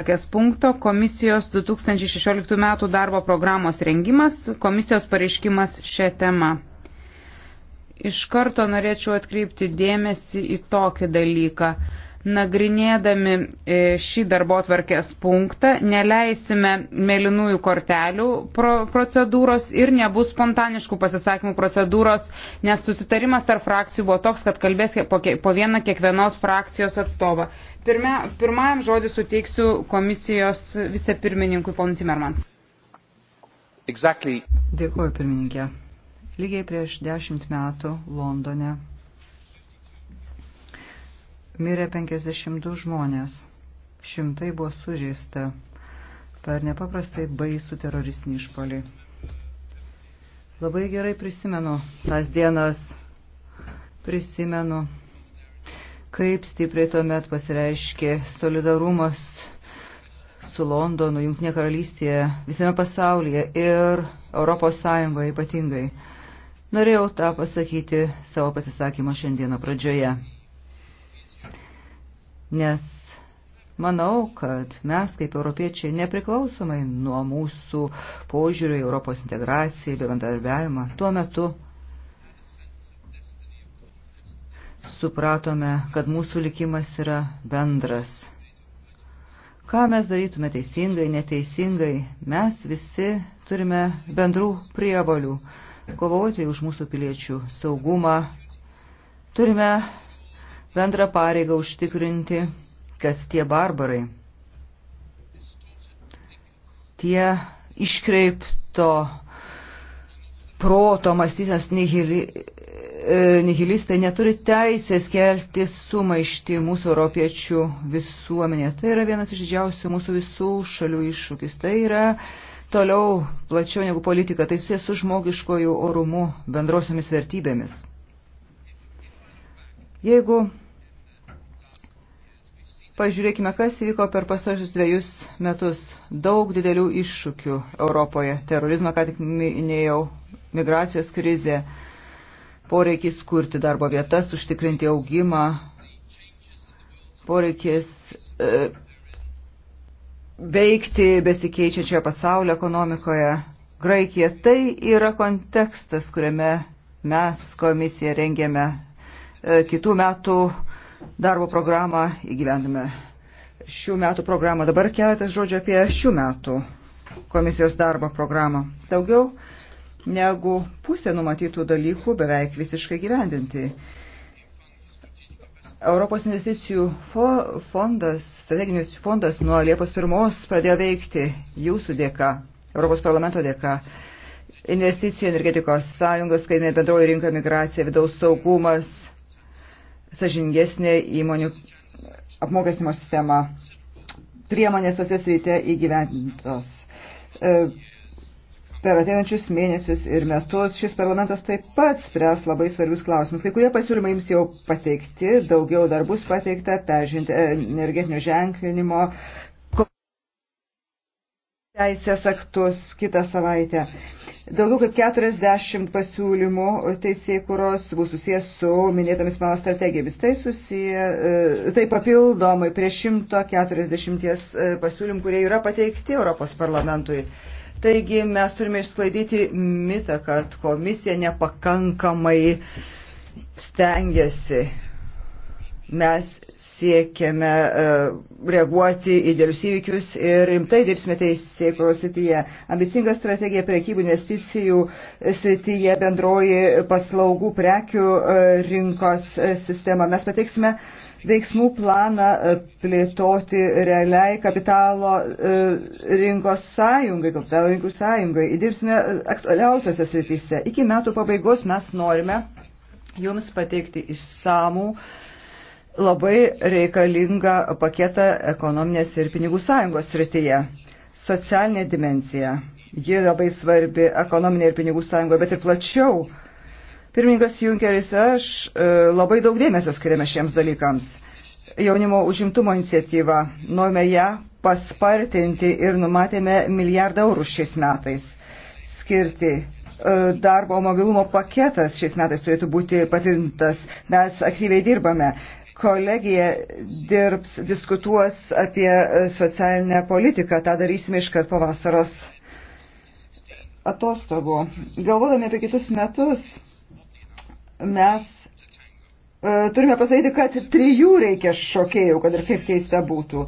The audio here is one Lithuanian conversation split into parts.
Tvarkės punkto komisijos 2016 metų darbo programos rengimas, komisijos pareiškimas šią temą. Iš karto norėčiau atkreipti dėmesį į tokį dalyką nagrinėdami e, šį darbo tvarkės punktą neleisime mėlynųjų kortelių procedūros ir nebus spontaniškų pasisakymų procedūros, nes susitarimas tarp frakcijų buvo toks, kad kalbės po vieną kiekvienos frakcijos atstovą. Pirmia, pirmajam žodį suteiksiu komisijos vicepirmininkui ponu Timermans. Exactly. Dėkuoju pirmininkė. Lygiai prieš dešimt metų Londone mirė 52 žmonės, šimtai buvo sužeista per nepaprastai baisų teroristinį išpolį. Labai gerai prisimenu tas dienas, prisimenu, kaip stipriai tuomet pasireiškė solidarumas su Londonu, Junktinė karalystėje, visame pasaulyje ir Europos Sąjungoje ypatingai. Norėjau tą pasakyti savo pasisakymą šiandieną pradžioje nes manau, kad mes kaip europiečiai nepriklausomai nuo mūsų požiūrių į Europos integraciją, bendradarbiavimą, tuo metu supratome, kad mūsų likimas yra bendras. Ką mes darytume teisingai, neteisingai, mes visi turime bendrų prievalių kovoti už mūsų piliečių saugumą. Turime bendrą pareigą užtikrinti, kad tie barbarai, tie iškreipto proto mąstytas nihili, e, nihilistai neturi teisės kelti sumaišti mūsų europiečių visuomenė. Tai yra vienas iš didžiausių mūsų visų šalių iššūkis. Tai yra toliau plačiau negu politika, tai susijęs su žmogiškoju orumu, bendrosiomis vertybėmis. Jeigu Pažiūrėkime, kas įvyko per pastarosius dviejus metus. Daug didelių iššūkių Europoje. Terorizmą, ką tik minėjau, migracijos krizė, poreikis kurti darbo vietas, užtikrinti augimą, poreikis e, veikti besikeičiančioje pasaulio ekonomikoje. Graikija tai yra kontekstas, kuriame mes komisija rengėme e, kitų metų e, darbo programą, įgyvendame šių metų programą. Dabar keletas žodžių apie šių metų komisijos darbo programą. Daugiau negu pusė numatytų dalykų beveik visiškai gyvendinti. Europos investicijų fondas, strateginis fondas nuo Liepos 1 pradėjo veikti jūsų dėka, Europos parlamento dėka. Investicijų energetikos sąjungas, kaimė bendroji rinka, migracija, vidaus saugumas, sažingesnė įmonių apmokestinimo sistema. Priemonės tose srityje įgyventintos. E, per ateinančius mėnesius ir metus šis parlamentas taip pat spręs labai svarbius klausimus. Kai kurie pasiūlymai jums jau pateikti, daugiau dar bus pateikta, peržinti e, energetinio ženklinimo, uh, teisės aktus kitą savaitę. Daugiau kaip 40 pasiūlymų teisėkuros bus susijęs su minėtomis mano strategijomis. Tai, susiję, e, tai papildomai prie 140 e, pasiūlymų, kurie yra pateikti Europos parlamentui. Taigi mes turime išsklaidyti mitą, kad komisija nepakankamai stengiasi Mes siekiame e, reaguoti į dėlius įvykius ir rimtai dirbsime teisėkros srityje. Ambicinga strategija prekybų investicijų srityje bendroji paslaugų prekių e, rinkos sistema. Mes pateiksime veiksmų planą e, plėtoti realiai kapitalo rinkos sąjungai, kapitalo rinkų sąjungai. Įdirbsime aktualiausiose srityse. Iki metų pabaigos mes norime jums pateikti išsamų labai reikalingą paketą ekonominės ir pinigų sąjungos srityje. Socialinė dimencija. Ji labai svarbi ekonominė ir pinigų sąjungoje, bet ir plačiau. Pirmininkas Junkeris, aš e, labai daug dėmesio skiriame šiems dalykams. Jaunimo užimtumo iniciatyva, norime ją paspartinti ir numatėme milijardą eurų šiais metais skirti e, darbo mobilumo paketas šiais metais turėtų būti patvirtintas. Mes aktyviai dirbame. Kolegija dirbs, diskutuos apie e, socialinę politiką. Ta darysime iškart po vasaros atostogų. Galvodami apie kitus metus, mes e, turime pasakyti, kad trijų reikia šokėjų, kad ir kaip keista būtų.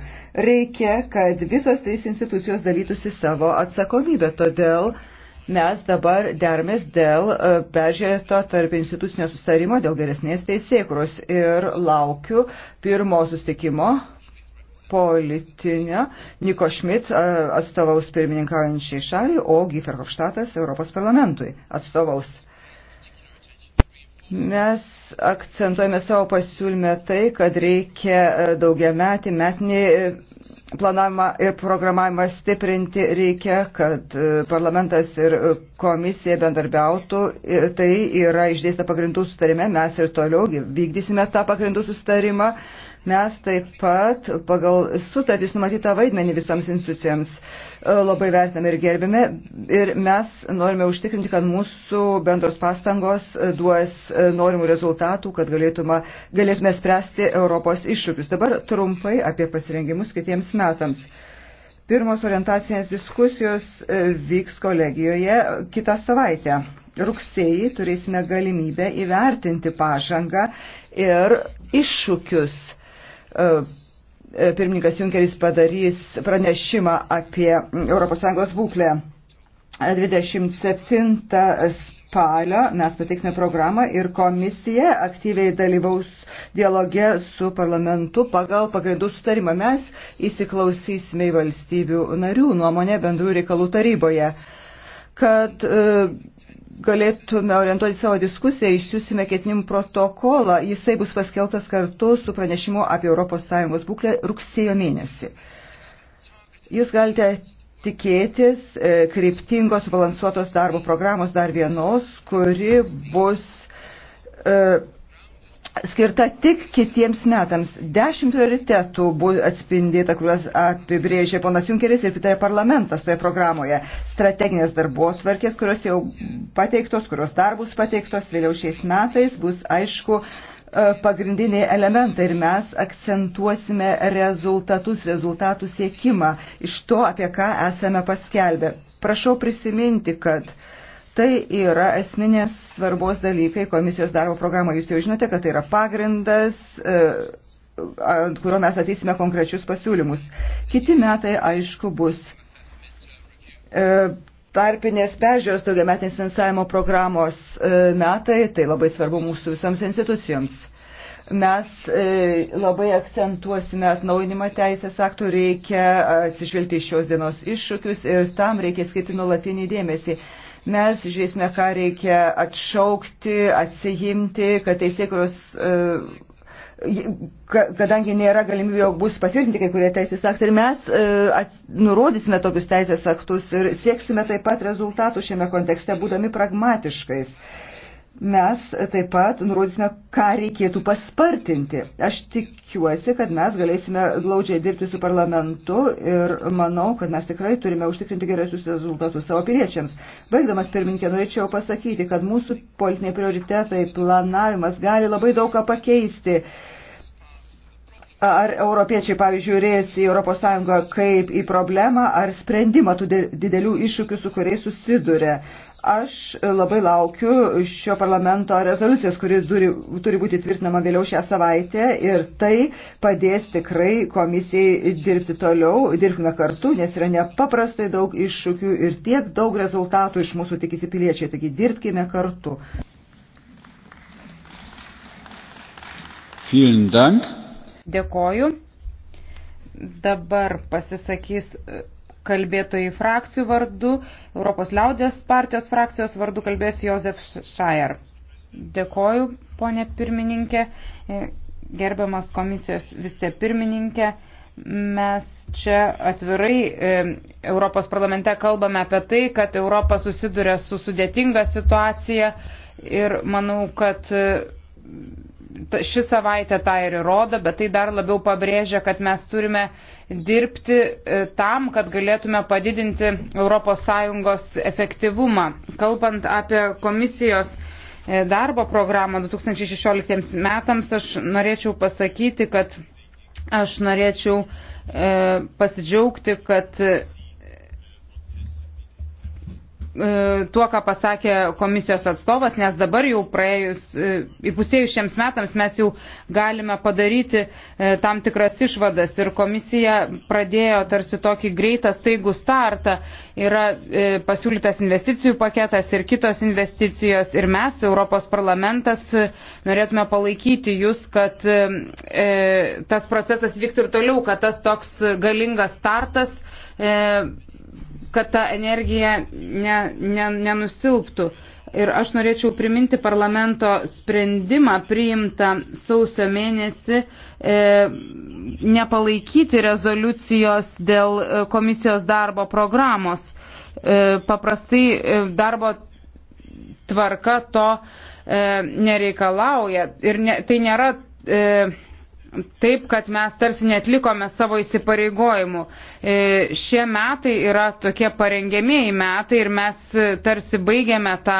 Reikia, kad visos trys institucijos dalytųsi savo atsakomybę. Todėl uh, Mes dabar dermės dėl e, peržiūrėto tarp institucinio sustarimo dėl geresnės teisėkros ir laukiu pirmo sustikimo politinio. Niko Šmit e, atstovaus pirmininkaujančiai šaliai, o Giferhofštatas Europos parlamentui atstovaus. Mes akcentuojame savo pasiūlymę tai, kad reikia e, daugiametį metinį e, planavimą ir programavimą stiprinti, reikia, kad e, parlamentas ir komisija bendarbiautų. Tai yra išdėsta pagrindų sustarime, mes ir toliau vykdysime tą pagrindų sustarimą. Mes taip pat pagal sutartys numatytą vaidmenį visoms institucijoms e, labai vertiname ir gerbime ir mes norime užtikrinti, kad mūsų bendros pastangos e, duos e, norimų rezultatų, kad galėtume, galėtume spręsti Europos iššūkius. Dabar trumpai apie pasirengimus kitiems metams. Pirmos orientacinės diskusijos vyks kolegijoje kitą savaitę. Rugsėjį turėsime galimybę įvertinti pažangą ir iššūkius E, e, pirmininkas Junkeris padarys pranešimą apie ES būklę. 27 e, spalio mes pateiksime programą ir komisija aktyviai dalyvaus dialoge su parlamentu pagal pagrindų sutarimą. Mes įsiklausysime į valstybių narių nuomonę bendrų reikalų taryboje kad e, galėtume orientuoti savo diskusiją, išsiųsime ketinimų protokolą. Jisai bus paskeltas kartu su pranešimu apie ES būklę rugsėjo mėnesį. Jūs galite tikėtis e, kryptingos, balansuotos darbo programos dar vienos, kuri bus e, skirta tik kitiems metams. Dešimt prioritetų buvo atspindėta, kuriuos apibrėžė ponas Junkeris ir pritarė parlamentas toje programoje. Strateginės darbos tvarkės, kurios jau pateiktos, kurios dar bus pateiktos vėliau šiais metais, bus aišku e, pagrindiniai elementai ir mes akcentuosime rezultatus, rezultatų siekimą iš to, apie ką esame paskelbę. Prašau prisiminti, kad uh, Tai yra esminės svarbos dalykai komisijos darbo programą. Jūs jau žinote, kad tai yra pagrindas e, ant kurio mes ateisime konkrečius pasiūlymus. Kiti metai, aišku, bus e, tarpinės peržiūros daugiametinės finansavimo programos e, metai, tai labai svarbu mūsų visoms institucijoms. Mes labai akcentuosime atnaujinimą teisės aktų, reikia atsižvelgti iš šios dienos iššūkius ir tam reikia skirti nulatinį dėmesį. Mes žiūrėsime, ką reikia atšaukti, atsijimti, kad teisėkuros. E, kadangi nėra galimybė, jog bus patvirtinti kai kurie teisės aktai, ir mes e, at, nurodysime tokius teisės aktus ir sieksime taip pat rezultatų šiame kontekste, būdami pragmatiškais mes taip pat nurodysime, ką reikėtų paspartinti. Aš tikiuosi, kad mes galėsime glaudžiai dirbti su parlamentu ir manau, kad mes tikrai turime užtikrinti geresnius rezultatus savo piliečiams. Baigdamas pirminkė, norėčiau pasakyti, kad mūsų politiniai prioritetai, planavimas gali labai daug ką pakeisti Ar europiečiai, pavyzdžiui, žiūrės į ES kaip į problemą ar sprendimą tų didelių iššūkių, su kuriais susiduria? Aš labai laukiu šio parlamento rezoliucijos, kuri turi, turi būti tvirtinama vėliau šią savaitę ir tai padės tikrai komisijai dirbti toliau, dirbkime kartu, nes yra nepaprastai daug iššūkių ir tiek daug rezultatų iš mūsų tikisi piliečiai, taigi dirbkime kartu. Vielen Dank. Dėkoju. Dabar pasisakys e, kalbėtojai frakcijų vardu, Europos liaudės partijos frakcijos vardu kalbės Josef Šajer. Dėkoju, ponė pirmininkė, e, gerbiamas komisijos vicepirmininkė. Mes čia atvirai e, Europos parlamente kalbame apie tai, kad Europa susiduria su sudėtinga situacija ir manau, kad ši savaitė tą ir įrodo, bet tai dar labiau pabrėžia, kad mes turime dirbti e, tam, kad galėtume padidinti ES efektyvumą. Kalbant apie komisijos e, darbo programą 2016 metams, aš norėčiau pasakyti, kad aš norėčiau e, pasidžiaugti, kad E, tuo, ką pasakė komisijos atstovas, nes dabar jau praėjus e, įpusėjus šiems metams mes jau galime padaryti e, tam tikras išvadas ir komisija pradėjo tarsi tokį greitą staigų startą. Yra pasiūlytas investicijų paketas ir kitos investicijos ir mes, Europos parlamentas, norėtume palaikyti jūs, kad tas procesas vyktų ir toliau, kad tas toks galingas startas kad ta energija ne, ne, nenusilptų. Ir aš norėčiau priminti parlamento sprendimą priimtą sausio mėnesį e, nepalaikyti rezoliucijos dėl e, komisijos darbo programos. E, paprastai e, darbo tvarka to e, nereikalauja ir ne, tai nėra. E, taip, kad mes tarsi netlikome savo įsipareigojimų. E, šie metai yra tokie parengėmėjai metai ir mes e, tarsi baigėme tą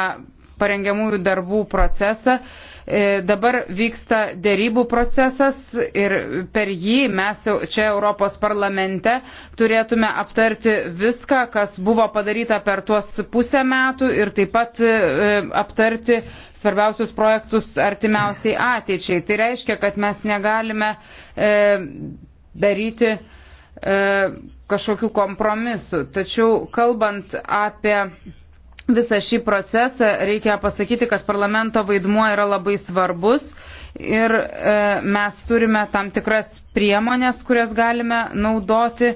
parengiamųjų darbų procesą E, dabar vyksta dėrybų procesas ir per jį mes čia Europos parlamente turėtume aptarti viską, kas buvo padaryta per tuos pusę metų ir taip pat e, aptarti svarbiausius projektus artimiausiai ateičiai. Tai reiškia, kad mes negalime e, daryti kažkokių kompromisų. Tačiau kalbant apie visą šį procesą, reikia pasakyti, kad parlamento vaidmuo yra labai svarbus ir e, mes turime tam tikras priemonės, kurias galime naudoti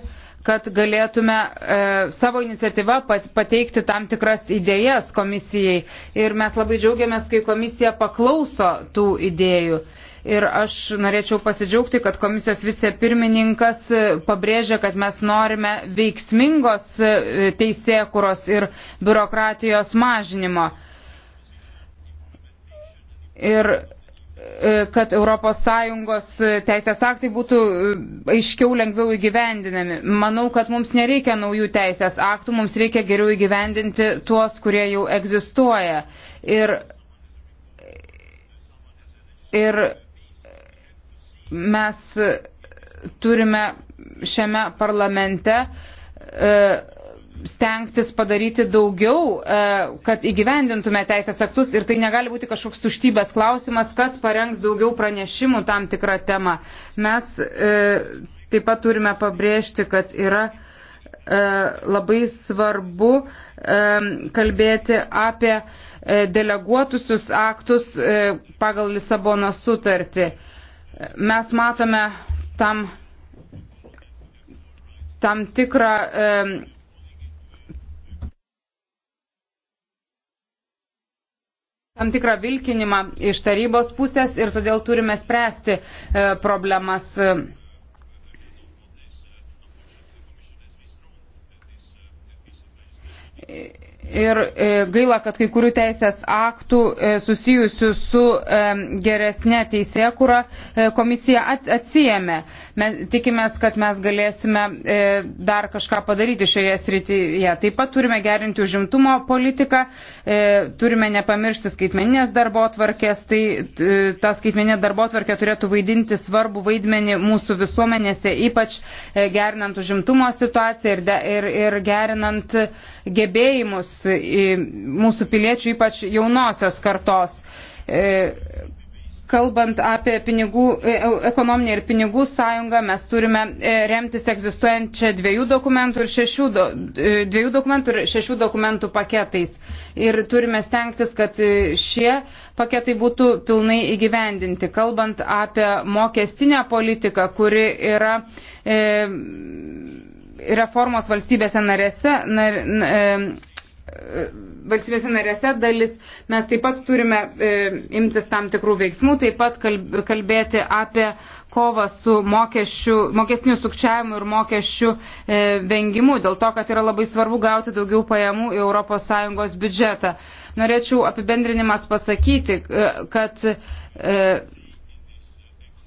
kad galėtume e, savo iniciatyvą pat, pateikti tam tikras idėjas komisijai. Ir mes labai džiaugiamės, kai komisija paklauso tų idėjų. E, Ir aš norėčiau pasidžiaugti, kad komisijos vicepirmininkas pabrėžia, kad mes norime veiksmingos e, teisėkuros ir biurokratijos mažinimo. Ir e, kad ES teisės aktai būtų e, aiškiau lengviau įgyvendinami. Manau, kad mums nereikia naujų teisės aktų, mums reikia geriau įgyvendinti tuos, kurie jau egzistuoja. Ir, ir mes turime šiame parlamente e, stengtis padaryti daugiau, e, kad įgyvendintume teisės aktus ir tai negali būti kažkoks tuštybės klausimas, kas parengs daugiau pranešimų tam tikrą temą. Mes e, taip pat turime pabrėžti, kad yra labai svarbu kalbėti apie deleguotusius aktus pagal Lisabono sutartį mes matome tam, tam tikrą. E, tam tikrą vilkinimą iš tarybos pusės ir todėl turime spręsti e, problemas. E, Ir e, gaila, kad kai kurių teisės aktų e, susijusių su e, geresnė teisėkura komisija atsijėmė. Mes tikimės, kad mes galėsime dar kažką padaryti šioje srityje. Taip pat turime gerinti užimtumo politiką, turime nepamiršti skaitmeninės darbo tvarkės. Tai ta skaitmeninė darbo tvarkė turėtų vaidinti svarbų vaidmenį mūsų visuomenėse, ypač gerinant užimtumo situaciją ir, de, ir, ir gerinant gebėjimus mūsų piliečių, ypač jaunosios kartos. E, kalbant apie pinigų, e, ekonominę ir pinigų sąjungą, mes turime e, remtis egzistuojančią dviejų dokumentų ir šešių, dviejų dokumentų ir šešių dokumentų paketais. Ir turime stengtis, kad šie paketai būtų pilnai įgyvendinti. Kalbant apie mokestinę politiką, kuri yra. E, reformos valstybėse narėse, nar, e, valstybėse narėse dalis. Mes taip pat turime e, imtis tam tikrų veiksmų, taip pat kalbėti apie kovą su mokesnių sukčiavimu ir mokesčių e, vengimu, dėl to, kad yra labai svarbu gauti daugiau pajamų į ES biudžetą. Norėčiau apibendrinimas pasakyti, kad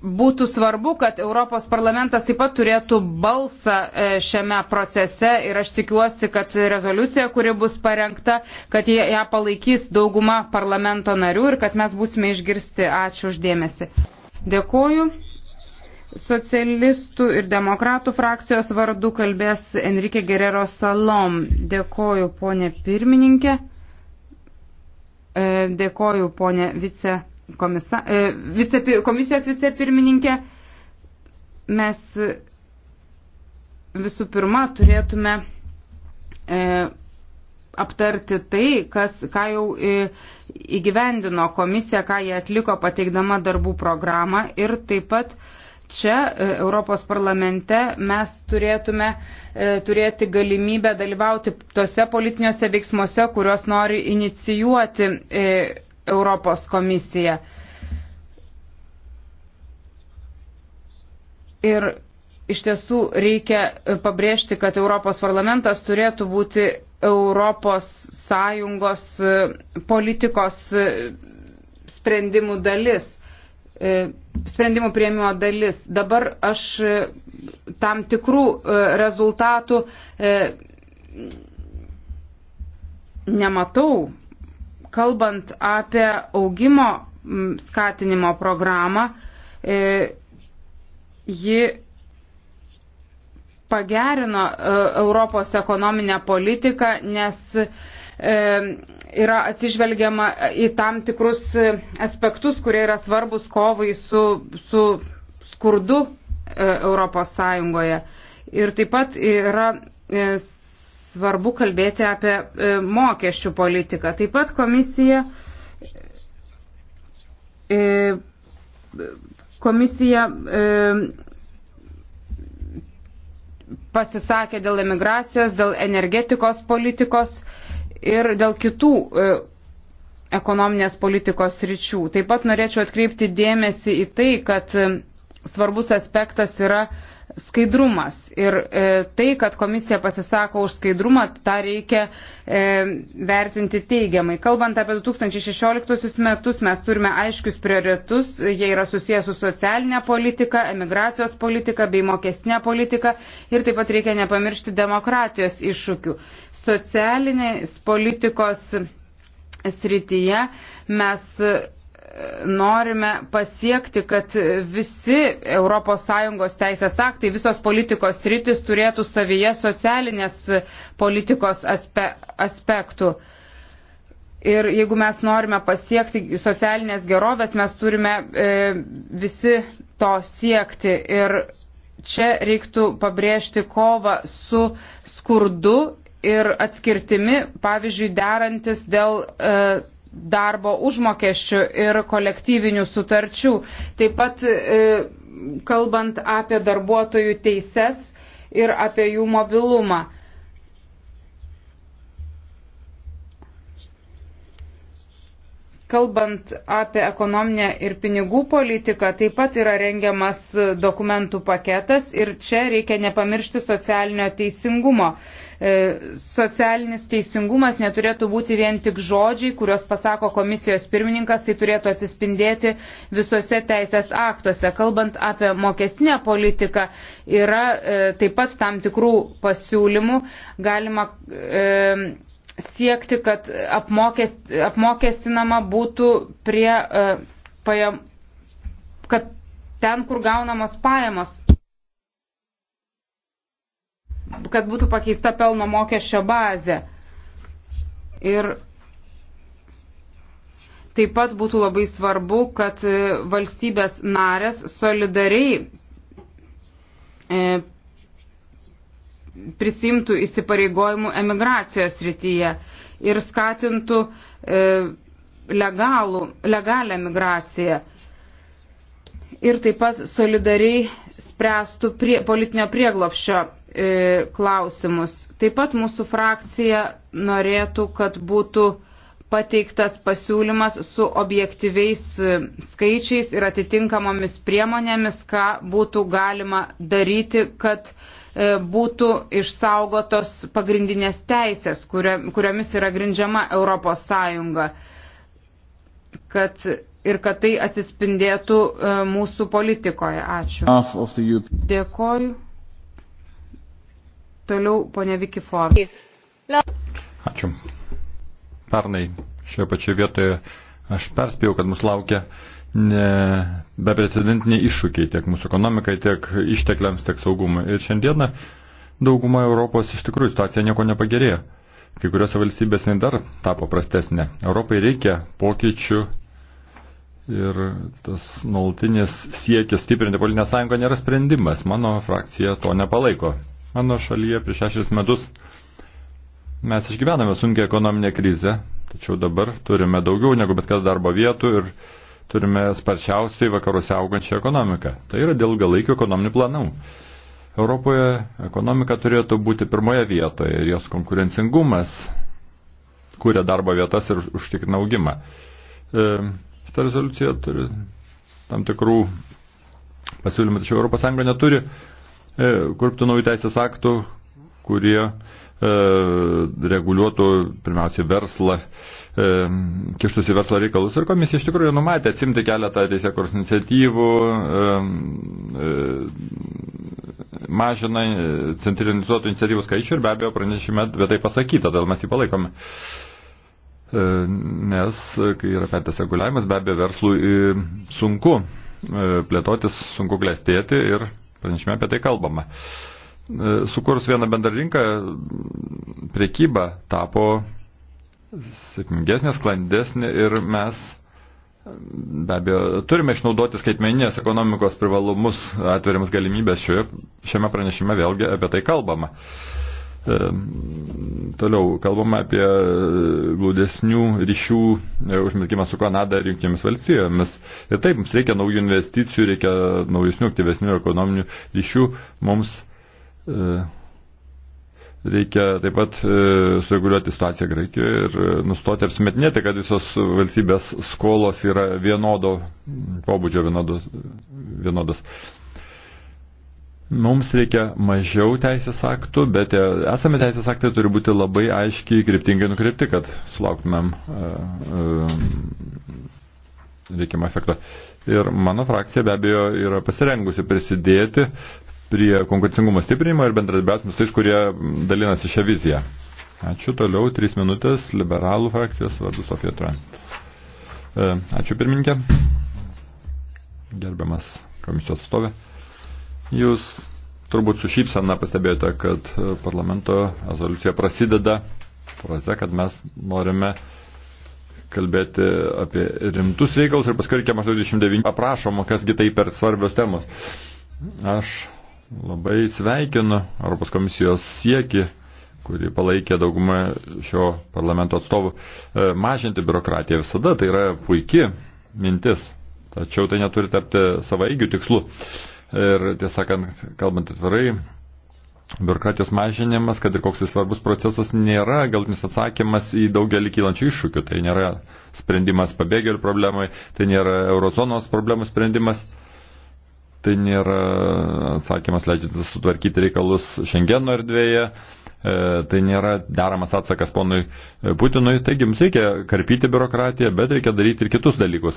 būtų svarbu, kad Europos parlamentas taip pat turėtų balsą e, šiame procese ir aš tikiuosi, kad rezoliucija, kuri bus parengta, kad ją palaikys dauguma parlamento narių ir kad mes būsime išgirsti. Ačiū uždėmesi. Dėkuoju. Socialistų ir demokratų frakcijos vardu kalbės Enrique Gerero Salom. Dėkoju, ponė pirmininkė. E, dėkoju, ponė vice komisa, e, vice, komisijos vicepirmininkė, mes visų pirma turėtume e, aptarti tai, kas, ką jau e, įgyvendino komisija, ką jie atliko pateikdama darbų programą ir taip pat čia e, Europos parlamente mes turėtume e, turėti galimybę dalyvauti tose politiniuose veiksmuose, kuriuos nori inicijuoti. E, Europos komisija. Ir iš tiesų reikia pabrėžti, kad Europos parlamentas turėtų būti Europos Sąjungos e, politikos e, sprendimų dalis, e, sprendimų prieimimo dalis. Dabar aš tam tikrų rezultatų nematau kalbant apie augimo skatinimo programą, e, ji pagerino e, Europos ekonominę politiką, nes e, yra atsižvelgiama į tam tikrus aspektus, kurie yra svarbus kovai su, su skurdu Europos Sąjungoje. Ir taip pat yra svarbu kalbėti apie e, mokesčių politiką. Taip pat komisija, e, komisija e, pasisakė dėl emigracijos, dėl energetikos politikos ir dėl kitų ekonominės politikos ryčių. Taip pat norėčiau atkreipti dėmesį į tai, kad svarbus aspektas yra uh, Skaidrumas ir e, tai, kad komisija pasisako už skaidrumą, tą reikia e, vertinti teigiamai. Kalbant apie 2016 metus, mes turime aiškius prioritetus, jie yra susijęs su socialinė politika, emigracijos politika bei mokestinė politika ir taip pat reikia nepamiršti demokratijos iššūkių. Socialinės politikos srityje mes norime pasiekti, kad visi ES teisės aktai, visos politikos rytis turėtų savyje socialinės politikos aspe, aspektų. Ir jeigu mes norime pasiekti socialinės gerovės, mes turime e, visi to siekti. Ir čia reiktų pabrėžti kovą su skurdu ir atskirtimi, pavyzdžiui, derantis dėl. E, darbo užmokesčių ir kolektyvinių sutarčių. Taip pat e, kalbant apie darbuotojų teises ir apie jų mobilumą. Kalbant apie ekonominę ir pinigų politiką, taip pat yra rengiamas dokumentų paketas ir čia reikia nepamiršti socialinio teisingumo. E, socialinis teisingumas neturėtų būti vien tik žodžiai, kuriuos pasako komisijos pirmininkas, tai turėtų atsispindėti visose teisės aktuose. Kalbant apie mokestinę politiką, yra e, taip pat tam tikrų pasiūlymų. Galima e, siekti, kad apmokest, apmokestinama būtų prie e, pajam, kad ten, kur gaunamos pajamos kad būtų pakeista pelno mokesčio bazė. Ir taip pat būtų labai svarbu, kad e, valstybės narės solidariai e, prisimtų įsipareigojimų emigracijos rytyje ir skatintų e, legalų, legalią migraciją ir taip pat solidariai spręstų prie, politinio prieglopščio E, klausimus. Taip pat mūsų frakcija norėtų, kad būtų pateiktas pasiūlymas su objektyviais e, skaičiais ir atitinkamomis priemonėmis, ką būtų galima daryti, kad e, būtų išsaugotos pagrindinės teisės, kuriomis yra grindžiama Europos Sąjunga. Kad ir kad tai atsispindėtų mūsų politikoje. Ačiū. Dėkoju. Toliau ponia Viki Ford. Ačiū. Pernai šioje pačioje vietoje aš perspėjau, kad mus laukia beprecedentiniai iššūkiai tiek mūsų ekonomikai, tiek ištekliams, tiek saugumui. Ir šiandieną dauguma Europos iš tikrųjų situacija nieko nepagerėjo. Kai kuriuose valstybėse dar tapo prastesnė. Europai reikia pokyčių ir tas nuolatinis siekis stiprinti politinę sąjungą nėra sprendimas. Mano frakcija to nepalaiko. Mano šalyje prieš šešis metus mes išgyvename sunkia ekonominė krizė, tačiau dabar turime daugiau negu bet kas darbo vietų ir turime sparčiausiai vakaruose augančią ekonomiką. Tai yra dėl galaikių ekonominių planų. Europoje ekonomika turėtų būti pirmoje vietoje ir jos konkurencingumas kūrė darbo vietas ir užtikrina augimą. E, Šitą rezoliuciją turi tam tikrų pasiūlymų, tačiau ES neturi E, kurptų naujų teisės aktų, kurie e, reguliuotų pirmiausiai verslą, e, kištusi verslo reikalus. Ir komisija iš tikrųjų numatė atsimti keletą teisėkurs iniciatyvų, e, e, mažina centralizuotų iniciatyvų skaičių ir be abejo pranešime apie tai pasakyta, todėl mes jį palaikome. E, nes, kai yra pertas reguliavimas, be abejo verslui sunku plėtotis, sunku klestėti ir pranešime apie tai kalbama. E, Sukūrus vieną bendrą rinką, priekyba tapo sėkmingesnė, sklandesnė ir mes be abejo turime išnaudoti skaitmeninės ekonomikos privalumus, atveriamas galimybės šioje, šiame pranešime vėlgi apie tai kalbama. Uh, Toliau kalbame apie e, glaudesnių ryšių e, užmėgimą su Kanada ir Junktinėmis valstybėmis. Ir taip, mums reikia naujų investicijų, reikia naujesnių, aktyvesnių ekonominių ryšių. Mums e, reikia taip pat sureguliuoti situaciją Graikijoje ir nustoti apsimetinėti, kad visos valstybės skolos yra vienodo pobūdžio, vienodos. vienodos. Mums reikia mažiau teisės aktų, bet esame teisės aktai turi būti labai aiškiai kryptingai nukreipti, kad sulauktumėm uh, e, uh, e, reikiamą efektą. Ir mano frakcija be abejo yra pasirengusi prisidėti prie konkurencingumo stiprinimo ir bendradarbiavimus tais, kurie dalinasi šią viziją. Ačiū toliau, trys minutės, liberalų frakcijos vardu Sofija Tran. E, ačiū pirmininkė, gerbiamas komisijos atstovė. Jūs turbūt su šypsena pastebėjote, kad e, parlamento rezoliucija prasideda fraze, kad mes norime kalbėti apie rimtus reikalus ir paskui reikia maždaug 29 aprašoma, kasgi tai per svarbios temos. Aš labai sveikinu Europos komisijos sieki, kuri palaikė daugumą šio parlamento atstovų, e, mažinti biurokratiją visada, tai yra puiki mintis, tačiau tai neturi tapti savaigių tikslų ir, tiesąkant, kalbant atvirai, biurokratijos mažinimas, kad ir koks jis svarbus procesas, nėra galtinis atsakymas į daugelį kylančių iššūkių. Tai nėra sprendimas pabėgėlių problemai, tai nėra eurozonos problemų sprendimas, tai nėra atsakymas leidžiantis sutvarkyti reikalus Šengeno erdvėje, e, tai nėra deramas atsakas ponui Putinui. Taigi mums reikia karpyti biurokratiją, bet reikia daryti ir kitus dalykus.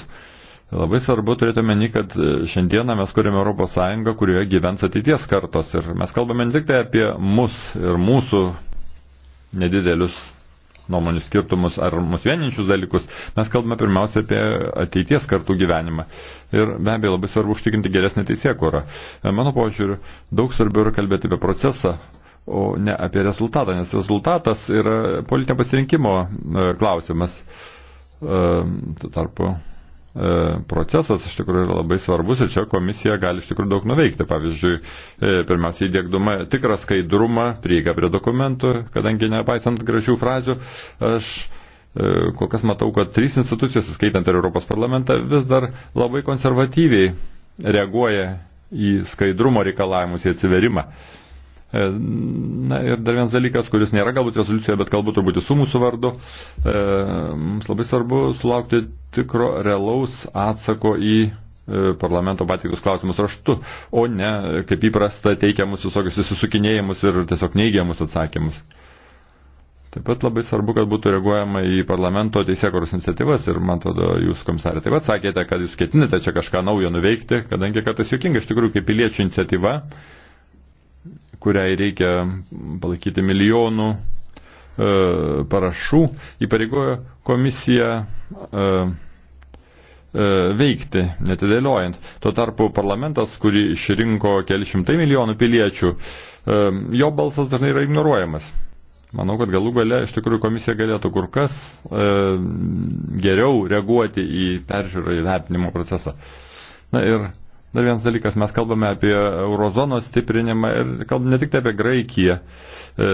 Labai svarbu turėti meni, kad e, šiandieną mes kuriame Europos Sąjungą, kurioje gyvens ateities kartos. Ir mes kalbame ne tik tai apie mus ir mūsų nedidelius nuomonių skirtumus ar mus vieninčius dalykus. Mes kalbame pirmiausia apie ateities kartų gyvenimą. Ir be abejo labai svarbu užtikrinti geresnį teisėkurą. E, mano požiūriu, daug svarbiau yra kalbėti apie procesą, o ne apie rezultatą, nes rezultatas yra politinio pasirinkimo e, klausimas. Tuo tarpu E, procesas iš tikrųjų yra labai svarbus ir čia komisija gali iš tikrųjų daug nuveikti. Pavyzdžiui, e, pirmiausia įdėkdama tikrą skaidrumą, prieigą prie dokumentų, kadangi nepaisant gražių frazių, aš e, kol kas matau, kad trys institucijos, skaitant ir Europos parlamentą, vis dar labai konservatyviai reaguoja į skaidrumo reikalavimus, į atsiverimą. E, na ir dar vienas dalykas, kuris nėra galbūt rezoliucijoje, bet kalbu turbūt su mūsų vardu. E, mums labai svarbu sulaukti tikro realaus atsako į e, parlamento patiktus klausimus raštu, o ne kaip įprasta teikiamus visokius įsisukinėjimus ir tiesiog neigiamus atsakymus. Taip pat labai svarbu, kad būtų reaguojama į parlamento teisėkoros iniciatyvas ir, man atrodo, jūs, komisarė, taip pat sakėte, kad jūs ketinate čia kažką naujo nuveikti, kadangi kartais juokinga iš tikrųjų kaip piliečių iniciatyva kuriai reikia palaikyti milijonų e, parašų, įpareigojo komisiją e, e, veikti, netidėliojant. Tuo tarpu parlamentas, kurį išrinko keli šimtai milijonų piliečių, e, jo balsas dažnai yra ignoruojamas. Manau, kad galų gale iš tikrųjų komisija galėtų kur kas e, geriau reaguoti į peržiūrą įvertinimo procesą. Na ir Dar vienas dalykas, mes kalbame apie eurozonos stiprinimą ir kalbame ne tik tai apie Graikiją. E,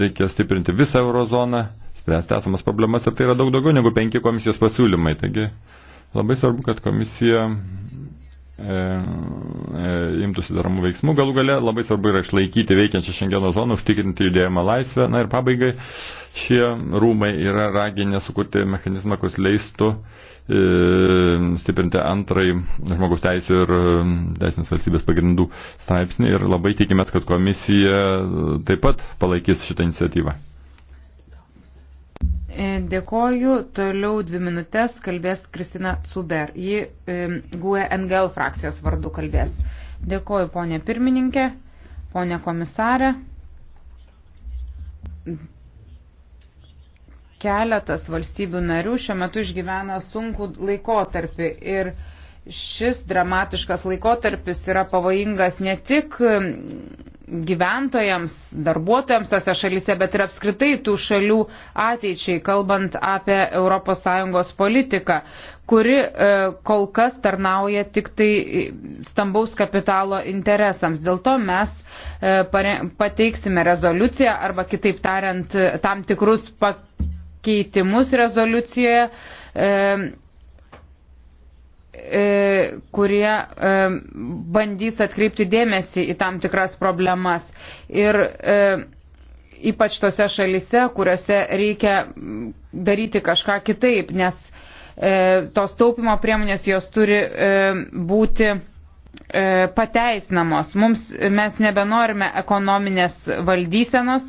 reikia stiprinti visą eurozoną, spręsti esamas problemas ir tai yra daug daugiau negu penki komisijos pasiūlymai. Taigi labai svarbu, kad komisija e, e, imtųsi daramų veiksmų. Galų gale labai svarbu yra išlaikyti veikiančią šengeno zoną, užtikrinti judėjimą laisvę. Na ir pabaigai šie rūmai yra raginę sukurti mechanizmą, kuris leistų e, E, stiprinti antrąjį žmogaus teisų ir e, teisinės valstybės pagrindų straipsnį ir labai tikimės, kad komisija taip pat palaikys šitą iniciatyvą. E, dėkoju. Toliau dvi minutės kalbės Kristina Cuber. Ji GUE NGL frakcijos vardu kalbės. Dėkoju, ponė pirmininkė, ponė komisarė keletas valstybių narių šiuo metu išgyvena sunku laikotarpį ir šis dramatiškas laikotarpis yra pavojingas ne tik gyventojams, darbuotojams tose šalyse, bet ir apskritai tų šalių ateičiai, kalbant apie ES politiką, kuri e, kol kas tarnauja tik tai stambaus kapitalo interesams. Dėl to mes e, pateiksime rezoliuciją arba kitaip tariant e, tam tikrus pakeitimus pakeitimus rezoliucijoje, e, e, kurie e, bandys atkreipti dėmesį į tam tikras problemas. Ir e, ypač tose šalise, kuriuose reikia daryti kažką kitaip, nes e, tos taupimo priemonės jos turi e, būti E, pateisinamos. Mums, mes nebenorime ekonominės valdysenos,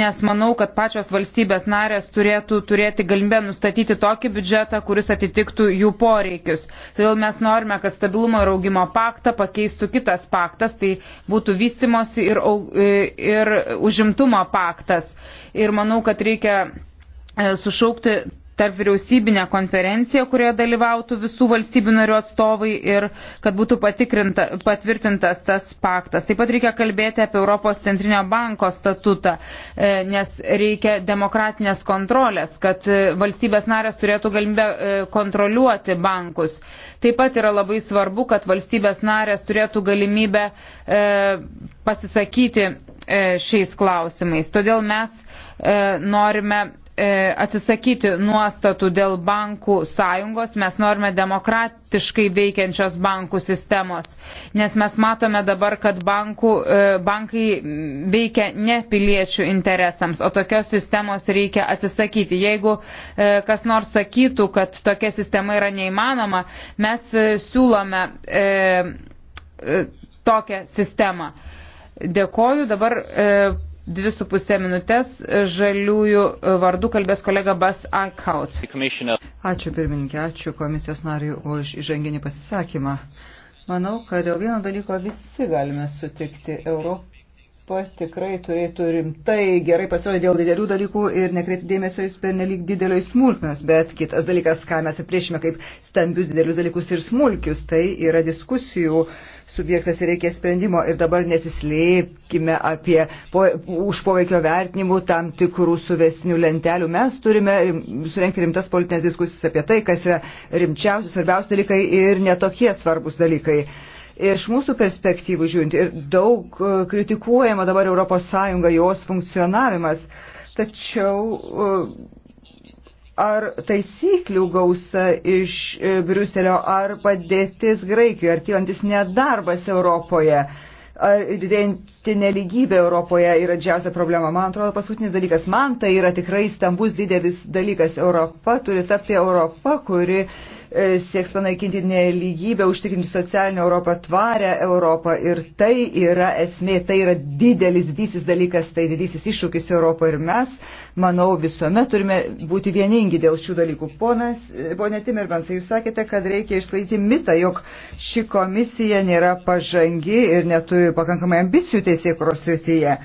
nes manau, kad pačios valstybės narės turėtų turėti galimybę nustatyti tokį biudžetą, kuris atitiktų jų poreikius. Todėl mes norime, kad stabilumo ir augimo paktą pakeistų kitas paktas, tai būtų vystimosi ir, e, ir užimtumo paktas. Ir manau, kad reikia e, sušaukti tarp vyriausybinę konferenciją, kurioje dalyvautų visų valstybių narių atstovai ir kad būtų patvirtintas tas paktas. Taip pat reikia kalbėti apie Europos centrinio banko statutą, e, nes reikia demokratinės kontrolės, kad e, valstybės narės turėtų galimybę e, kontroliuoti bankus. Taip pat yra labai svarbu, kad valstybės narės turėtų galimybę pasisakyti šiais klausimais. Todėl mes norime E, atsisakyti nuostatų dėl bankų sąjungos, mes norime demokratiškai veikiančios bankų sistemos, nes mes matome dabar, kad bankų, e, bankai veikia ne piliečių interesams, o tokios sistemos reikia atsisakyti. Jeigu e, kas nors sakytų, kad tokia sistema yra neįmanoma, mes siūlome e, tokią sistemą. Dėkoju dabar. E, dvi su pusė minutės žaliųjų vardų kalbės kolega Bas Aikaut. Ačiū pirmininkė, ačiū komisijos nariui už įžanginį pasisakymą. Manau, kad dėl vieno dalyko visi galime sutikti. Europa tikrai turėtų rimtai gerai pasirodyti dėl didelių dalykų ir nekreipti dėmesio į pernelyg didelio į smulkmes, bet kitas dalykas, ką mes apriešime kaip stambius didelius dalykus ir smulkius, tai yra diskusijų uh, subjektas ir reikia sprendimo. Ir dabar nesislėpkime apie po, už poveikio vertinimų tam tikrų suvesnių lentelių. Mes turime rim, surenkti rimtas politinės diskusijas apie tai, kas yra rimčiausi, svarbiausi dalykai ir netokie svarbus dalykai. Iš mūsų perspektyvų žiūrint ir daug e, kritikuojama dabar ES jos funkcionavimas, tačiau e, ar taisyklių gausa iš e, Briuselio, ar padėtis Graikijoje, ar kylantis nedarbas Europoje, ar didinti neligybė Europoje yra didžiausia problema. Man atrodo, paskutinis dalykas, man tai yra tikrai stambus didelis dalykas. Europa turi tapti Europa, kuri E, sieks panaikinti neligybę, užtikrinti socialinę Europą, tvarę Europą ir tai yra esmė, tai yra didelis, didysis dalykas, tai didysis iššūkis Europoje ir mes, manau, visuomet turime būti vieningi dėl šių dalykų. Ponas, ponė Timermansai, jūs sakėte, kad reikia išlaikyti mitą, jog ši komisija nėra pažangi ir neturi pakankamai ambicijų teisėkuros srityje. Tai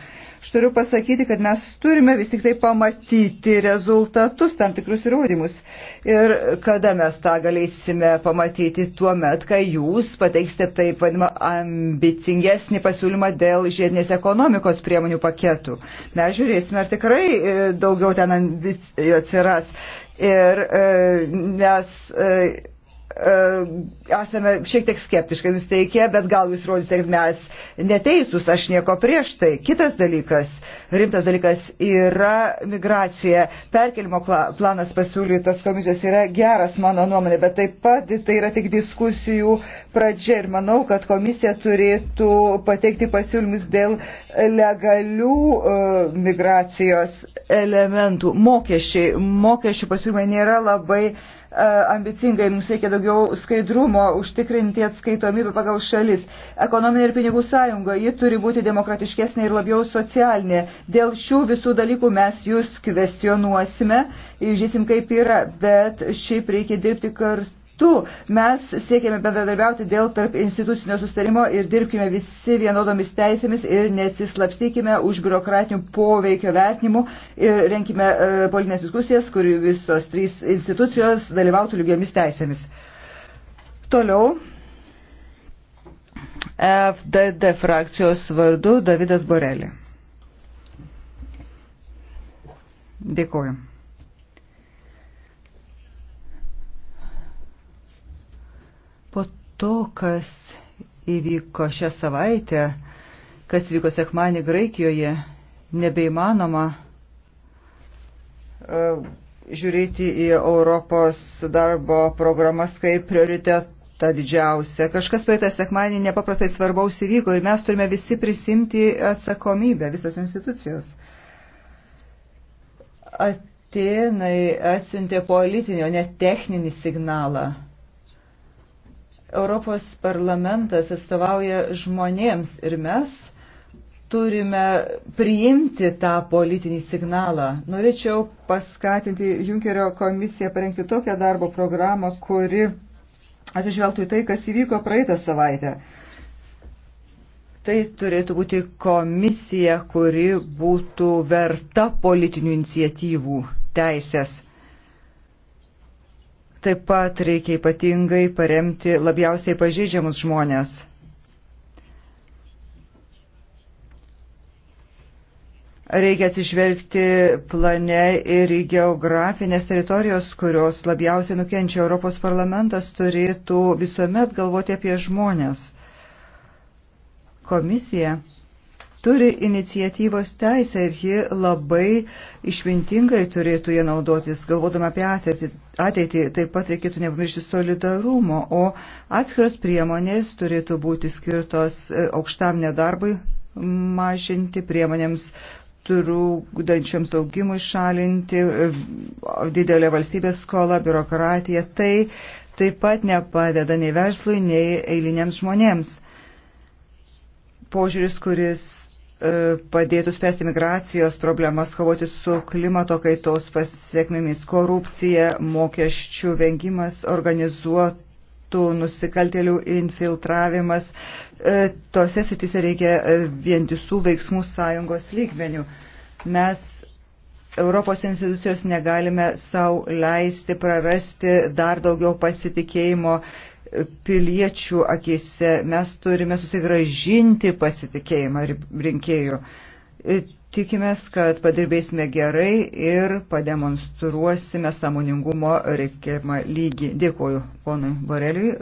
Aš turiu pasakyti, kad mes turime vis tik tai pamatyti rezultatus, tam tikrus įrodymus. Ir kada mes tą galėsime pamatyti tuo met, kai jūs pateiksite taip vadinamą ambicingesnį pasiūlymą dėl žiedinės ekonomikos priemonių paketų. Mes žiūrėsime, ar tikrai e, daugiau ten ambicijų atsiras. Ir e, nes. E, E, esame šiek tiek skeptiškai nusteikę, bet gal jūs rodysite, kad mes neteisūs, aš nieko prieš tai. Kitas dalykas, rimtas dalykas yra migracija. Perkelimo planas pasiūlytas komisijos yra geras mano nuomonė, bet taip pat tai yra tik diskusijų pradžia ir manau, kad komisija turėtų pateikti pasiūlymus dėl legalių uh, migracijos elementų. Mokesčiai, mokesčių pasiūlymai nėra labai uh, ambicingai, mums reikia daugiau skaidrumo, užtikrinti atskaitomybę pagal šalis. Ekonominė ir pinigų sąjunga, ji turi būti demokratiškesnė ir labiau socialinė. Dėl šių visų dalykų mes jūs kvestionuosime, žiūrėsim kaip yra, bet šiaip reikia dirbti kartu kartu mes siekėme bendradarbiauti dėl tarp institucinio sustarimo ir dirbkime visi vienodomis teisėmis ir nesislapstykime už biurokratinių poveikio vertinimų ir renkime e, politinės diskusijas, kur visos trys institucijos dalyvautų lygiomis teisėmis. Toliau. FDD frakcijos vardu Davidas Borelė. Dėkuoju. to, kas įvyko šią savaitę, kas vyko sekmanį Graikijoje, nebeįmanoma e, žiūrėti į Europos darbo programas kaip prioritetą didžiausią. Kažkas praeitą sekmanį nepaprastai svarbaus įvyko ir mes turime visi prisimti atsakomybę, visos institucijos. Atenai atsiuntė politinį, o ne techninį signalą Europos parlamentas atstovauja žmonėms ir mes turime priimti tą politinį signalą. Norėčiau paskatinti Junkerio komisiją parengti tokią darbo programą, kuri atsižvelgtų į tai, kas įvyko praeitą savaitę. Tai turėtų būti komisija, kuri būtų verta politinių iniciatyvų teisės. Taip pat reikia ypatingai paremti labiausiai pažydžiamus žmonės. Reikia atsižvelgti plane ir į geografinės teritorijos, kurios labiausiai nukenčia Europos parlamentas, turėtų visuomet galvoti apie žmonės. Komisija turi iniciatyvos teisę ir ji labai išmintingai turėtų ją naudotis, galvodama apie ateitį. ateitį taip pat reikėtų nepamiršti solidarumo, o atskiros priemonės turėtų būti skirtos e, aukštam nedarbui mažinti, priemonėms trūkdančiams augimui šalinti, e, didelė valstybės skola, biurokratija. Tai taip pat nepadeda nei verslui, nei eiliniams žmonėms požiūris, kuris E, padėtų spręsti migracijos problemas, kovoti su klimato kaitos pasiekmėmis, korupcija, mokesčių vengimas, organizuotų nusikaltelių infiltravimas. E, tose sitise reikia vientisų veiksmų sąjungos lygmenių. Mes Europos institucijos negalime savo leisti prarasti dar daugiau pasitikėjimo piliečių akise. Mes turime susigražinti pasitikėjimą rinkėjų. E, tikimės, kad padirbėsime gerai ir pademonstruosime samoningumo reikiamą lygį. Dėkuoju ponui Boreliui.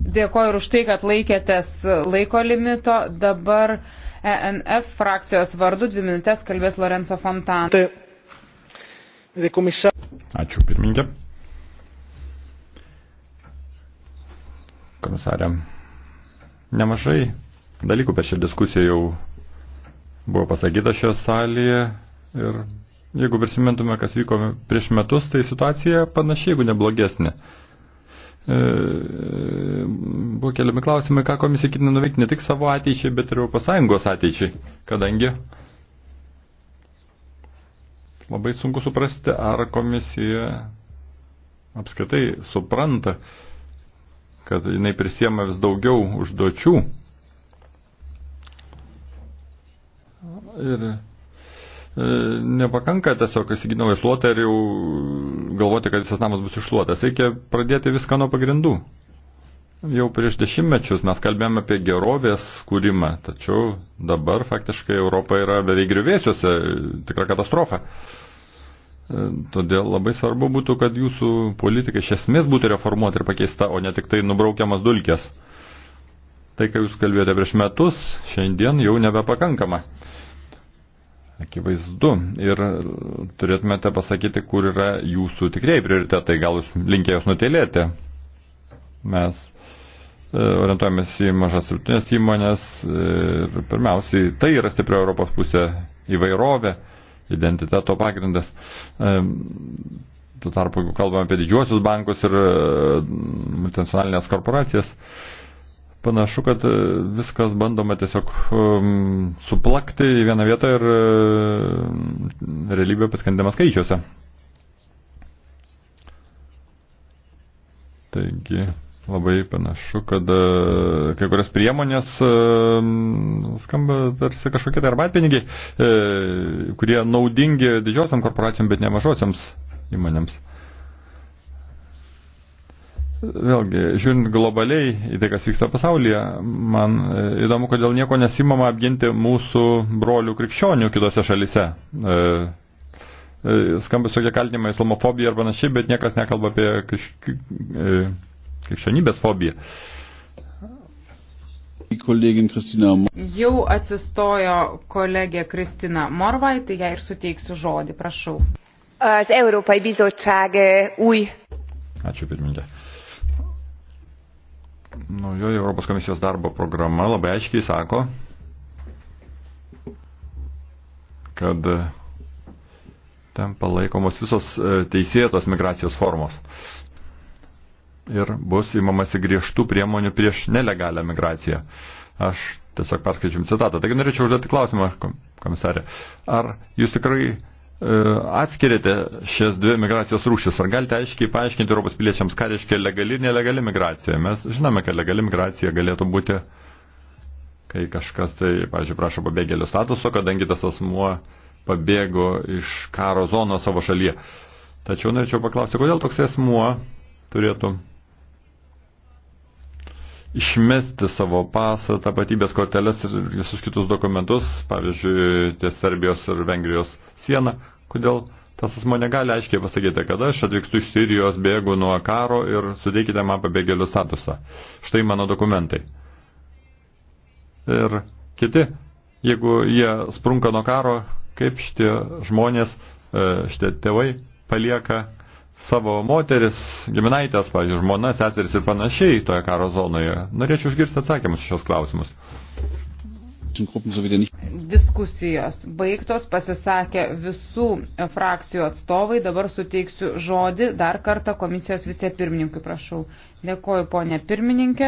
Dėkuoju ir už tai, kad laikėtės laiko limito. Dabar ENF frakcijos vardu dvi minutės kalbės Lorenzo Fontan. Ačiū pirmininkė. komisarė. Nemažai dalykų per šią diskusiją jau buvo pasakyta šioje salėje ir jeigu prisimintume, kas vyko prieš metus, tai situacija panašiai, jeigu neblogesnė. E, buvo keliami klausimai, ką komisija ketina nuveikti ne tik savo ateičiai, bet ir Europos Sąjungos ateičiai, kadangi labai sunku suprasti, ar komisija apskritai supranta, kad jinai prisiema vis daugiau užduočių. Ir e, nepakanka tiesiog įsigyti naują šluotą ir jau galvoti, kad visas namas bus iššluotas. Reikia pradėti viską nuo pagrindų. Jau prieš dešimtmečius mes kalbėjome apie gerovės kūrimą, tačiau dabar faktiškai Europa yra beveik griuvėsiuose, e, tikra katastrofa. Uh, Todėl labai svarbu būtų, kad jūsų politika iš esmės būtų reformuota ir pakeista, o ne tik tai nubraukiamas dulkės. Tai, ką jūs kalbėjote prieš metus, šiandien jau nebepakankama. Akivaizdu. Ir turėtumėte pasakyti, kur yra jūsų tikrieji prioritetai. Gal jūs linkėjus nutėlėti. Mes e, orientuojamės į mažas silpnės įmonės e, ir pirmiausiai tai yra stipri Europos pusė įvairovė identiteto pagrindas. Tuo tarpu, jeigu kalbame apie didžiuosius bankus ir e, multinacionalinės korporacijas, panašu, kad e, viskas bandoma tiesiog suplakti į vieną vietą ir e, realybė paskandama skaičiuose. Taigi, labai panašu, kad e, kai kurios priemonės e, skamba tarsi kažkokie tai arbatpinigiai, e, kurie naudingi didžiosiam korporacijom, bet ne mažosiams įmonėms. Vėlgi, žiūrint globaliai į tai, kas vyksta pasaulyje, man įdomu, kodėl nieko nesimama apginti mūsų brolių krikščionių kitose šalise. Skambus tokie kaltinimai islamofobija ir panašiai, bet niekas nekalba apie kažkokį krikščionybės fobija. Jau atsistojo kolegė Kristina Morvai, tai ją ir suteiksiu žodį, prašau. Az Európai Bizottság e, új. Ačiū pirmininkė. Naujoji Europos komisijos darbo programa labai aiškiai sako, kad ten palaikomos visos e, teisėtos migracijos formos. Uh, ir bus įmamasi griežtų priemonių prieš nelegalią migraciją. Aš tiesiog paskaičiu jums citatą. Taigi norėčiau užduoti klausimą, komisarė. Ar jūs tikrai e, atskiriate šias dvi migracijos rūšis? Ar galite aiškiai paaiškinti Europos piliečiams, ką reiškia legali ir nelegali migracija? Mes žinome, kad legali migracija galėtų būti, kai kažkas, tai, pažiūrėjau, prašo pabėgėlio statuso, kadangi tas asmuo pabėgo iš karo zonos savo šalyje. Tačiau norėčiau paklausti, kodėl toks asmuo turėtų išmesti savo pasą, tapatybės korteles ir visus kitus dokumentus, pavyzdžiui, ties Serbijos ir Vengrijos sieną. Kodėl tas asmo negali aiškiai pasakyti, kad aš atvykstu iš Sirijos, bėgu nuo karo ir suteikite man pabėgėlių statusą. Štai mano dokumentai. Ir kiti, jeigu jie sprunka nuo karo, kaip šitie žmonės, e, šitie tėvai palieka savo moteris, giminaitės, pavyzdžiui, žmona, seseris ir panašiai toje karo zonoje. Norėčiau išgirsti atsakymus šios klausimus. Diskusijos baigtos, pasisakė visų frakcijų atstovai. Dabar suteiksiu žodį dar kartą komisijos vicepirmininkui, prašau. Dėkoju, ponė pirmininkė.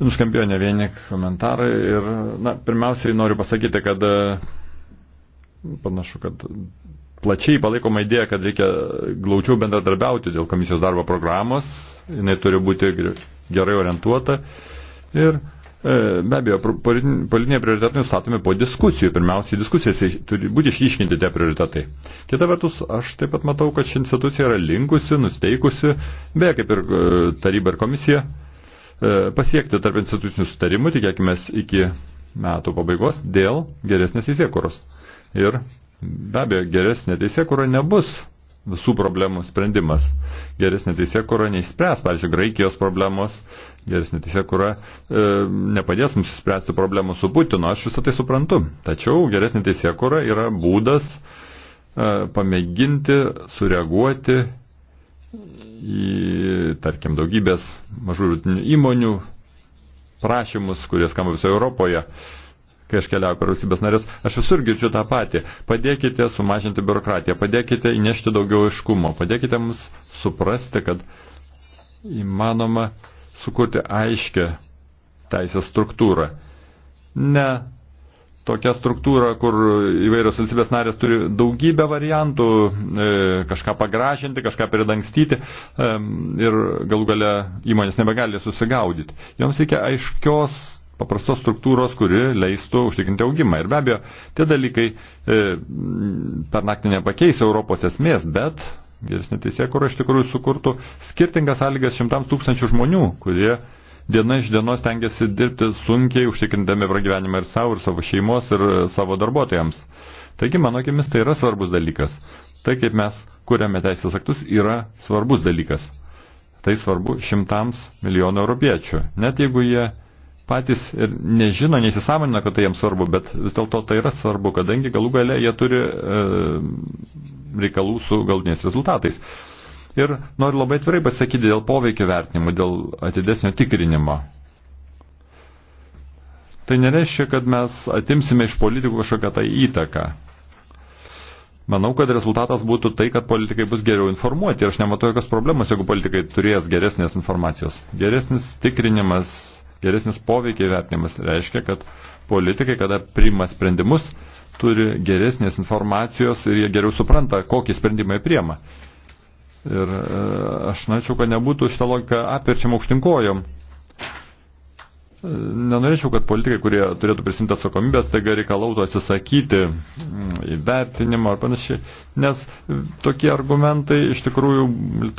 Nuskambėjo ne vieni komentarai ir, na, pirmiausiai noriu pasakyti, kad panašu, kad plačiai palaikoma idėja, kad reikia glaučiau bendradarbiauti dėl komisijos darbo programos, jinai turi būti gerai orientuota ir e, be abejo, politiniai prioritetai nustatomi po diskusijų. Pirmiausiai diskusijose turi būti išryškinti tie prioritetai. Kita vertus, aš taip pat matau, kad ši institucija yra linkusi, nusteikusi, beje, kaip ir e, taryba ir komisija, e, pasiekti tarp institucinių sutarimų, tikėkime, iki metų pabaigos dėl geresnės įsiekuros. Ir Be abejo, geresnė teisėkūra nebus visų problemų sprendimas. Geresnė teisėkūra neįspręs, pavyzdžiui, Graikijos problemos, geresnė teisėkūra e, nepadės mums spręsti problemų su Putinu, aš visą tai suprantu. Tačiau geresnė teisėkūra yra būdas e, pamėginti sureaguoti į, tarkim, daugybės mažų įmonių prašymus, kurie skamba visoje Europoje. E, kai aš keliauju per valstybės narės, aš visur girdžiu tą patį. Padėkite sumažinti biurokratiją, padėkite įnešti daugiau iškumo, padėkite mums suprasti, kad įmanoma sukurti aiškę teisės struktūrą. Ne tokia struktūra, kur įvairios valstybės narės turi daugybę variantų, e, kažką pagražinti, kažką pridangstyti e, ir galų gale įmonės nebegali susigaudyti. Joms reikia aiškios paprastos struktūros, kuri leistų užtikrinti augimą. Ir be abejo, tie dalykai e, per naktį nepakeis Europos esmės, bet geresnė teisė, kur iš tikrųjų sukurtų skirtingas sąlygas šimtams tūkstančių žmonių, kurie diena iš dienos tengiasi dirbti sunkiai, užtikrindami pragyvenimą ir savo, ir savo šeimos, ir e, savo darbuotojams. Taigi, mano akimis, tai yra svarbus dalykas. Tai, kaip mes kuriame teisės aktus, yra svarbus dalykas. Tai svarbu šimtams milijonų europiečių. Net jeigu jie patys ir nežino, nesisąmonina, kad tai jiems svarbu, bet vis dėlto tai yra svarbu, kadangi galų gale jie turi e, reikalų su galutiniais rezultatais. Ir noriu labai tvirtai pasakyti dėl poveikio vertinimo, dėl atidesnio tikrinimo. Tai nereiškia, kad mes atimsime iš politikų kažkokią tai įtaką. Manau, kad rezultatas būtų tai, kad politikai bus geriau informuoti ir aš nematau jokios problemos, jeigu politikai turės geresnės informacijos. Geresnis tikrinimas geresnis poveikiai vertinimas reiškia, kad politikai, kada priima sprendimus, turi geresnės informacijos ir jie geriau supranta, kokį sprendimą jie priema. Ir e, aš norėčiau, kad nebūtų šitą logiką aperčiam aukštinkojom. Nenorėčiau, kad politikai, kurie turėtų prisimti atsakomybės, taiga reikalautų atsisakyti mm, įvertinimo ar panašiai, nes tokie argumentai iš tikrųjų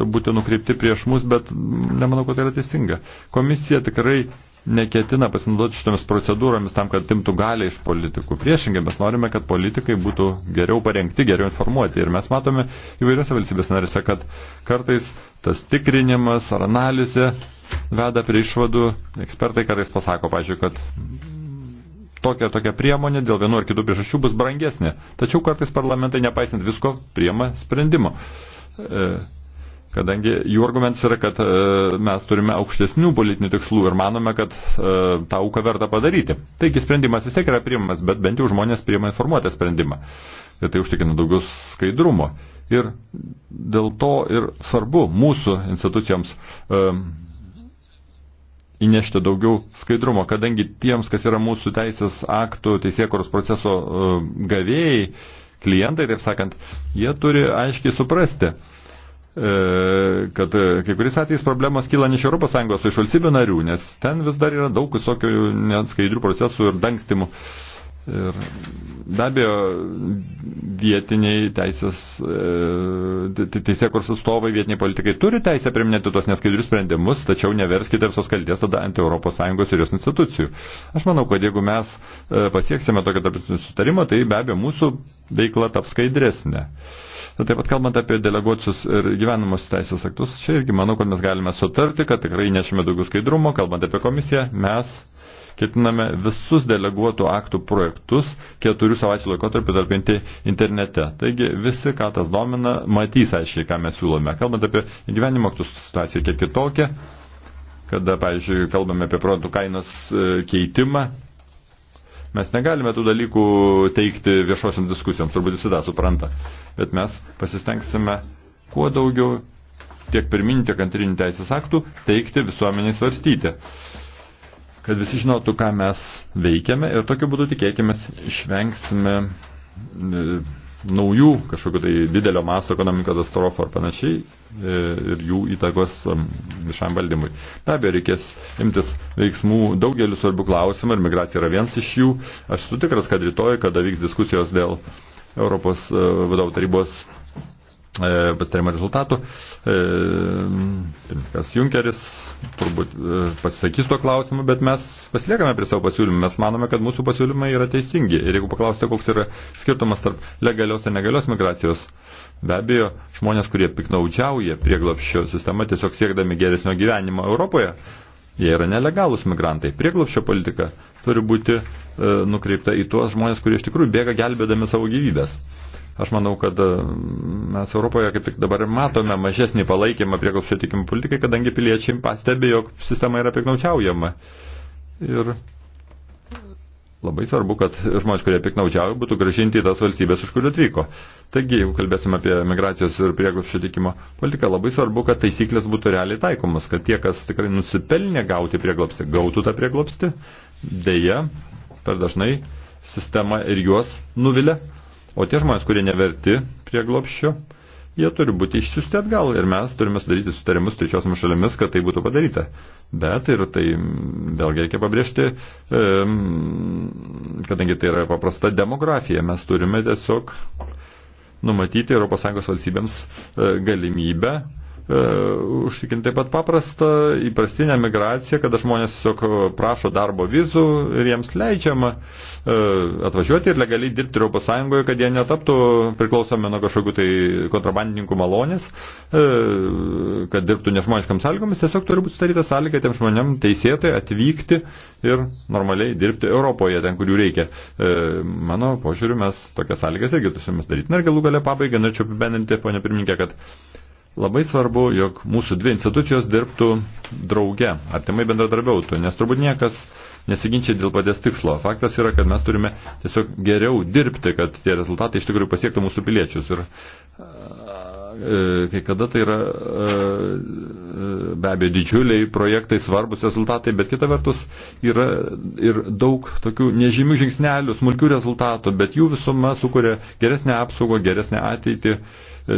būtų nukreipti prieš mus, bet nemanau, kad tai yra teisinga. Komisija tikrai neketina pasinaudoti šitomis procedūromis tam, kad timtų galę iš politikų. Priešingai, mes norime, kad politikai būtų geriau parengti, geriau informuoti. Ir mes matome įvairiose valstybės narėse, kad kartais tas tikrinimas ar analizė veda prie išvadų. Ekspertai kartais pasako, pažiūrėjau, kad tokia, tokia priemonė dėl vienu ar kitų priežasčių bus brangesnė. Tačiau kartais parlamentai, nepaisant visko, priema sprendimo. E, Kadangi jų argumentas yra, kad e, mes turime aukštesnių politinių tikslų ir manome, kad e, tą auką verta padaryti. Taigi sprendimas vis tiek yra priimamas, bet bent jau žmonės priima informuotą sprendimą. Ir tai užtikrina daugiau skaidrumo. Ir dėl to ir svarbu mūsų institucijoms e, įnešti daugiau skaidrumo, kadangi tiems, kas yra mūsų teisės aktų, teisėkuros proceso gavėjai, klientai, taip sakant, jie turi aiškiai suprasti E, kad e, kai kuris atvejais problemos kyla ne iš ES, o iš valstybių narių, nes ten vis dar yra daug visokių neatskaidrių procesų ir dangstimų. Ir be abejo, vietiniai teisės, e, teisė kurs atstovai, vietiniai politikai turi teisę priminėti tos neskaidrius sprendimus, tačiau neverskite visos kalties tada ant ES ir jos institucijų. Aš manau, kad jeigu mes pasieksime tokio tarptautinio sutarimo, tai be abejo mūsų veikla taps skaidresnė. Taip pat kalbant apie deleguotus ir gyvenamos teisės aktus, čia irgi manau, kad mes galime sutarti, kad tikrai nešime daugiau skaidrumo, kalbant apie komisiją, mes ketiname visus deleguotų aktų projektus keturių savaičių laikotarpį darbinti internete. Taigi visi, ką tas domina, matys aiškiai, ką mes siūlome. Kalbant apie gyvenimo aktus, situacija kiek kitokia, kada, pavyzdžiui, kalbame apie produktų kainos e, keitimą. Mes negalime tų dalykų teikti viešosiam diskusijoms, turbūt visada supranta bet mes pasistengsime kuo daugiau tiek pirminį, tiek antrinį teisės aktų teikti visuomeniai svarstyti. Kad visi žinotų, ką mes veikiame ir tokiu būdu tikėkime išvengsime e, naujų kažkokio tai didelio masto ekonomikos katastrofų ar panašiai e, ir jų įtakos viešam valdymui. Be abejo, reikės imtis veiksmų daugeliu svarbių klausimų ir migracija yra vienas iš jų. Aš sutikras, kad rytoj, kada vyks diskusijos dėl uh, Europos e, vadovų tarybos e, pasitarimo rezultatų. E, pirmininkas Junkeris turbūt pasisakys to klausimu, bet mes pasiliekame prie savo pasiūlymų. Mes manome, kad mūsų pasiūlymai yra teisingi. Ir jeigu paklausite, koks yra skirtumas tarp legalios ir negalios migracijos, be abejo, žmonės, kurie piknaudžiauja prieglapščio sistema tiesiog siekdami geresnio gyvenimo Europoje, jie yra nelegalūs migrantai. Prieglapščio politika turi būti E, nukreipta į tuos žmonės, kurie iš tikrųjų bėga gelbėdami savo gyvybės. Aš manau, kad e, mes Europoje kaip tik dabar matome mažesnį palaikymą prie kopščio tikimų politikai, kadangi piliečiai pastebi, jog sistema yra piknaučiaujama. Ir labai svarbu, kad žmonės, kurie piknaudžiavo, būtų gražinti į tas valstybės, iš kurių atvyko. Taigi, jeigu kalbėsime apie migracijos ir prieglobščio tikimo politiką, labai svarbu, kad taisyklės būtų realiai taikomas, kad tie, kas tikrai nusipelnė gauti prieglobstį, gautų tą prieglobstį. Deja, per dažnai sistema ir juos nuvilia, o tie žmonės, kurie neverti prieglopščio, jie turi būti išsiųsti atgal ir mes turime sudaryti sutarimus trečiosiomis šalimis, kad tai būtų padaryta. Bet ir tai vėlgi reikia pabrėžti, kadangi tai yra paprasta demografija, mes turime tiesiog numatyti ES valstybėms e, galimybę E, užtikrinti taip pat paprastą įprastinę migraciją, kada žmonės tiesiog prašo darbo vizų ir jiems leidžiama e, atvažiuoti ir legaliai dirbti Europos Sąjungoje, kad jie netaptų priklausomi nuo kažkokių tai kontrabandininkų malonės, e, kad dirbtų nežmoniškam sąlygomis, tiesiog turi būti sudaryta sąlyga tiem žmonėm teisėtai atvykti ir normaliai dirbti Europoje, ten kur jų reikia. Mano požiūriu, mes tokias sąlygas irgi turime daryti. Na ir galų galę pabaigą norėčiau apibendinti, ponia pirmininkė, kad Labai svarbu, jog mūsų dvi institucijos dirbtų drauge, artimai bendradarbiautų, nes turbūt niekas nesiginčia dėl paties tikslo. Faktas yra, kad mes turime tiesiog geriau dirbti, kad tie rezultatai iš tikrųjų pasiektų mūsų piliečius. Ir e, e, kai kada tai yra e, be abejo didžiuliai projektai, svarbus rezultatai, bet kita vertus yra ir daug tokių nežymių žingsnelių, smulkių rezultatų, bet jų visuma sukuria geresnę apsaugą, geresnę ateitį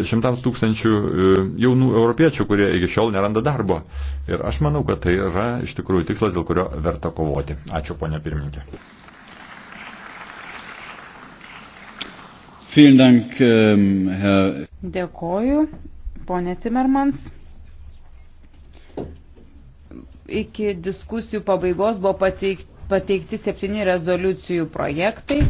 šimtams tūkstančių e, jaunų europiečių, kurie iki šiol neranda darbo. Ir aš manau, kad tai yra iš tikrųjų tikslas, dėl kurio verta kovoti. Ačiū, ponia pirmininkė. Ähm, Dėkoju, ponė Timermans iki diskusijų pabaigos buvo pateikti, pateikti septyni rezoliucijų projektai.